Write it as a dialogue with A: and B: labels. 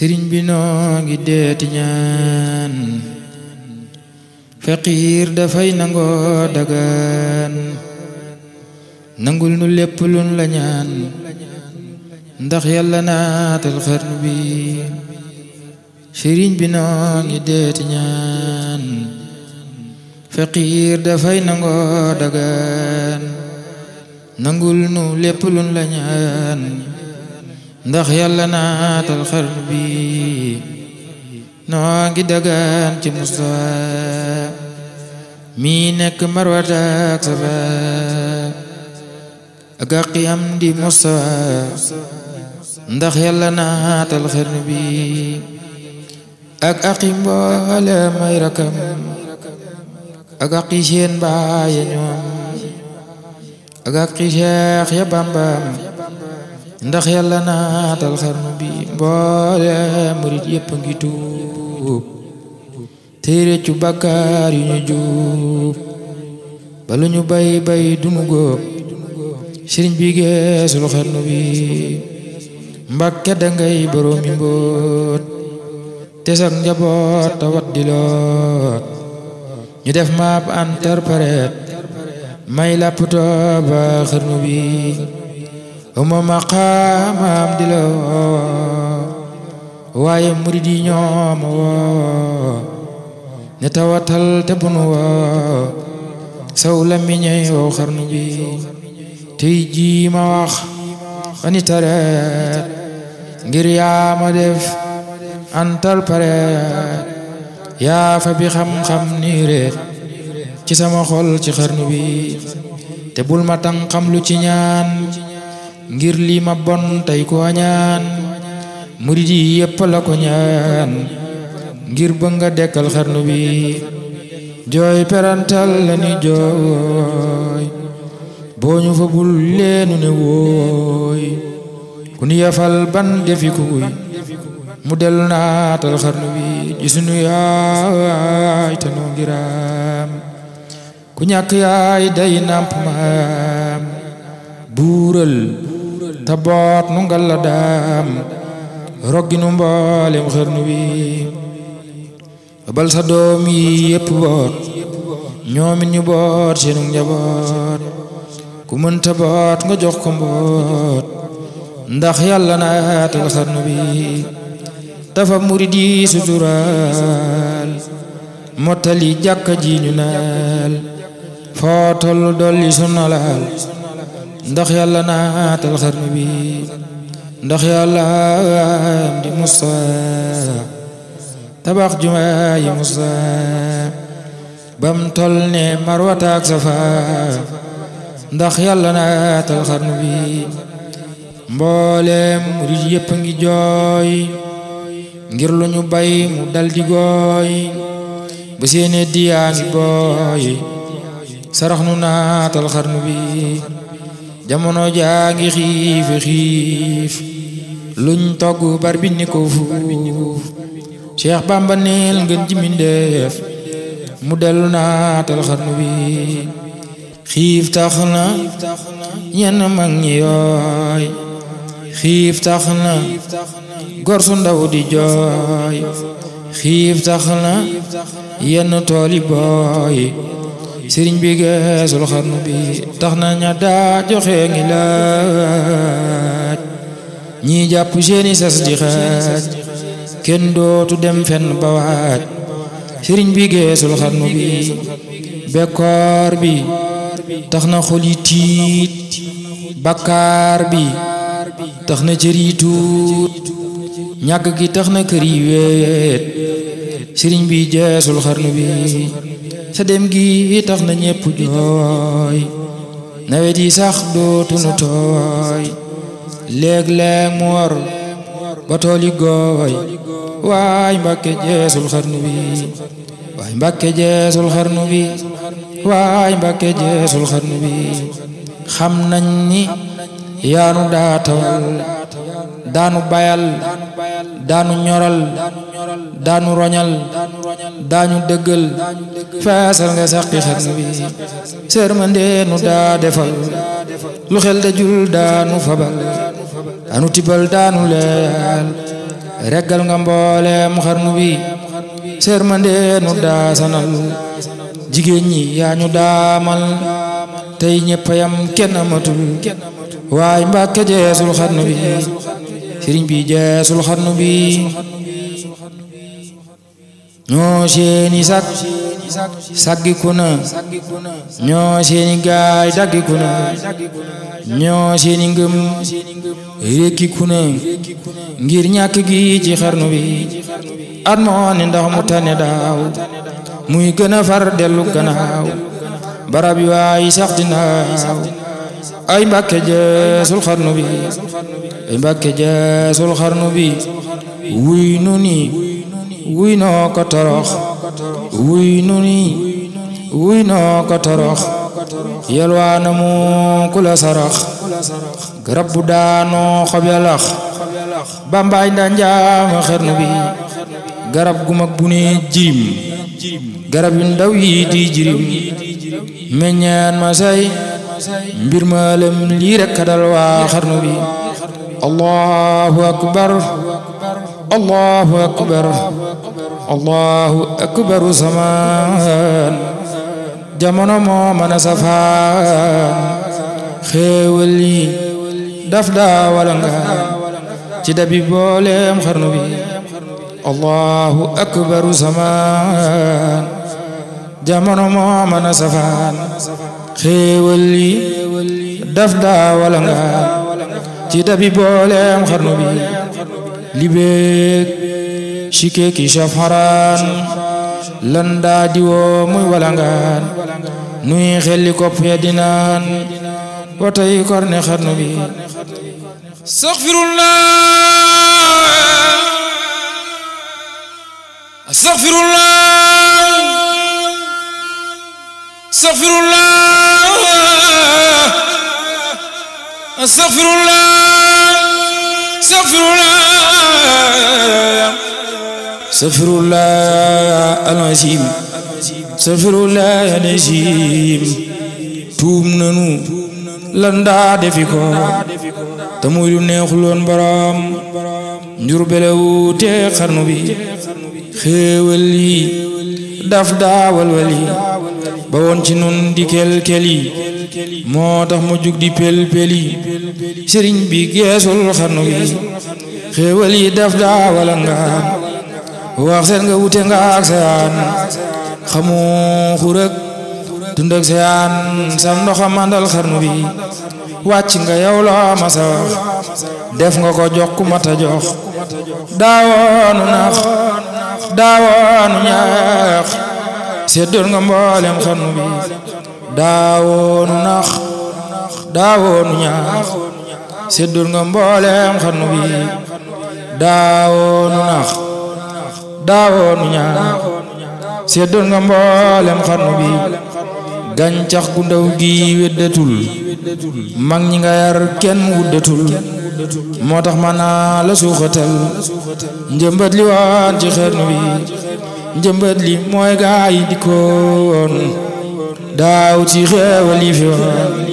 A: sëriñ bi noo ngi deeti ñaan faqiir dafay nangoo dagaan nangul nu lépp luñ la ndax yàlla naatal xarnu bi sëriñ bi noo ngi deeti ñaan faqiir dafay nangoo dagaan nangul nu lépp luñ la ndax yàlla naatal xar bi noo ngi dagaan ci musa mi nekk marwata ak safa ak am di musa ndax yàlla naatal xar bi ak àqi mboole may rakam ak àqi seen baaya ñoom ak àqi ya bambam ndax yàlla naatal xarnu bi mboole murit yëpp ngi tuub tey réccu bàkkaar yu ñu juub balu ñu bay bay dunu góob sëriñ bi geesul xarnu bi mbàkke dangay boroomi mbóot te sax njaboot tawat di loot ñu def maap interprète may lapptoo ba xarnu bi uma maqaamam di la woo waaye murid yi ñoom woo ne tawatal te bunu woo saw la miñey xarnu bi tey jii ma wax ani tareet ngir yaa ma def antal pareet yaa fa bi xam-xam ni reet ci sama xol ci xarnu bi te bul ma tan lu ci ñaan ngir lii ma bon tey ko ñaan murid yi yëpp la ko ñaan ngir bëgg nga dekkal xarnu bi jooy perantal la ni jooy boo ñu fa bul leenu ne wooy ku nu yafal ban defi mu dellu naatal xarnu bi yaay te noo ku ñàkk yaay day nàmp maam buural taboot nu ngal la daam rogginu mboolem xërnu bi bal sa doom yi yëpp boot ñoomit ñu boot seenu njaboot ku mën taboot nga jox ko mboot ndax yàlla naatal xarnu bi tafa murid yi suturaal mottali jàkka ji ñu naal foo dolli sunna ndax yàlla naatal xarnu bi ndax yàlla am di Musa tabax jumaa yi bam tol ne marwata ak ndax yàlla naatal xarnu bi mbooleem murid yëpp ngi jooy ngir lu ñu bay mu daldi di gooy ba seene diyaa ngi booy sarax nu naatal xarnu bi jamono jaa ngi xiif xiif luñ togg bar ni ko fuuf Cheikh Bamba neel ngeen jimindeef mu dellu naatal xarnu bi xiif tax na ñenn mag ñi yooy xiif tax na gor su ndaw di jooy xiif tax na yenn tooli booy sëriñ bi geesul xarnu bi tax na ña daa joxe ngi laaj ñii jàpp seeni sas di kenn dootu dem fenn ba waaj bi geesul xarnu bi bekkoor bi tax na xol yi tiit bakkaar bi tax na cër yi tuut ñàkk gi tax na kër yi weet sëriñ bi geesul xarnu bi sa dem gi tax na ñépp jooy nawet yi sax dootunu tooy léeg-léeg mu war ba gooy waay Mbàkke jeesul xarnu bi waay Mbàkke jeesul xarnu bi waay Mbàkke jeesul xarnu bi xam nañ ni yaanu daatawal daanu bayal daanu ñoral daanu roñal daañu dëggal faasal nga saqi xarnu bi sërmandee nu daa defal lu xel da jul daanu fabal anu tibal daanu leyal reggal nga mbooleem xarnu bi sërmandee nu daa sanal jigéen ñi yaa ñu daamal tey ñëpp yam kenn amatul waaye mbàkke jeesul xarnu bi sëriñ bi jeesul xarnu bi ñoo seeni sag saggiku na ñoo seeni gaay daggiku na ñoo seeni ngëm rékkiku na ngir ñàkk gi ci xarnu bi at moo ndax mu tane daaw muy gën a far dellu gannaaw barab yu waay sax dinaaw ay mbàkke jeesul xarnu bi ay mbàkke jeesul xarnu bi wuy nu wuy noo ko torox wuy nu wuy noo ko torox yelwaana mu ku la sarax garab bu daanoo xob ya lax bambaay ndaa njaama xernu bi garab gu mag bu ne jirim garab yu ndaw di jirim meññaan ma say mbir ma lem lii rekk dal waa xarnu bi allahu akbar الله أكبر الله أكبر زمان jamono moo mën a safaan xéewal yi daf daa walangaan ci dabi booleem xarnu bi allahu akbaru zamaan jamono moo mën a safaan xéewal yi daf daa walangaan ci dabi booleem xarnu bi libeek shikeeki shaf xaraan lan daa diwoo muy walangaan nuy xelli kopp ya dinaan wa tey korne xarnu bi astaghfirullah astaghfirullah astaghfirullah astaghfirullah astaghfirullah safirullah alazim safirullah alazim tuub nanu ko te muy lu neexuloon boroom njur belewu te xarnu bi xéewal yi daf daa walwal ba woon ci nun di kel-kel yi moo tax ma jug di pel-pel bi geesul xarnu bi xéewal yi def daa ngaan wax seen nga wute nga ak xamu xurëg dund ak seyaan sam ndoxa mandal xarnu bi wàcc nga yow masa wax def nga ko jox ku mata jox daawoonu nax daawoonu ñaax seddoon nga mboolem xarnu bi daawoonu nax daawoonu ñaax seddoon nga mboolem xarnu bi daawoonu naax daawoonu ñaax seddoon nga mboolem xarnu bi gàncax gu gi weddatul mag ñi nga yar kenn wuddatul moo tax ma naa la suuxatal jëmbët li waan ci xarnu bi njëmbat li mooy gaa yi dikkoon daaw ci xeewal yi fi waan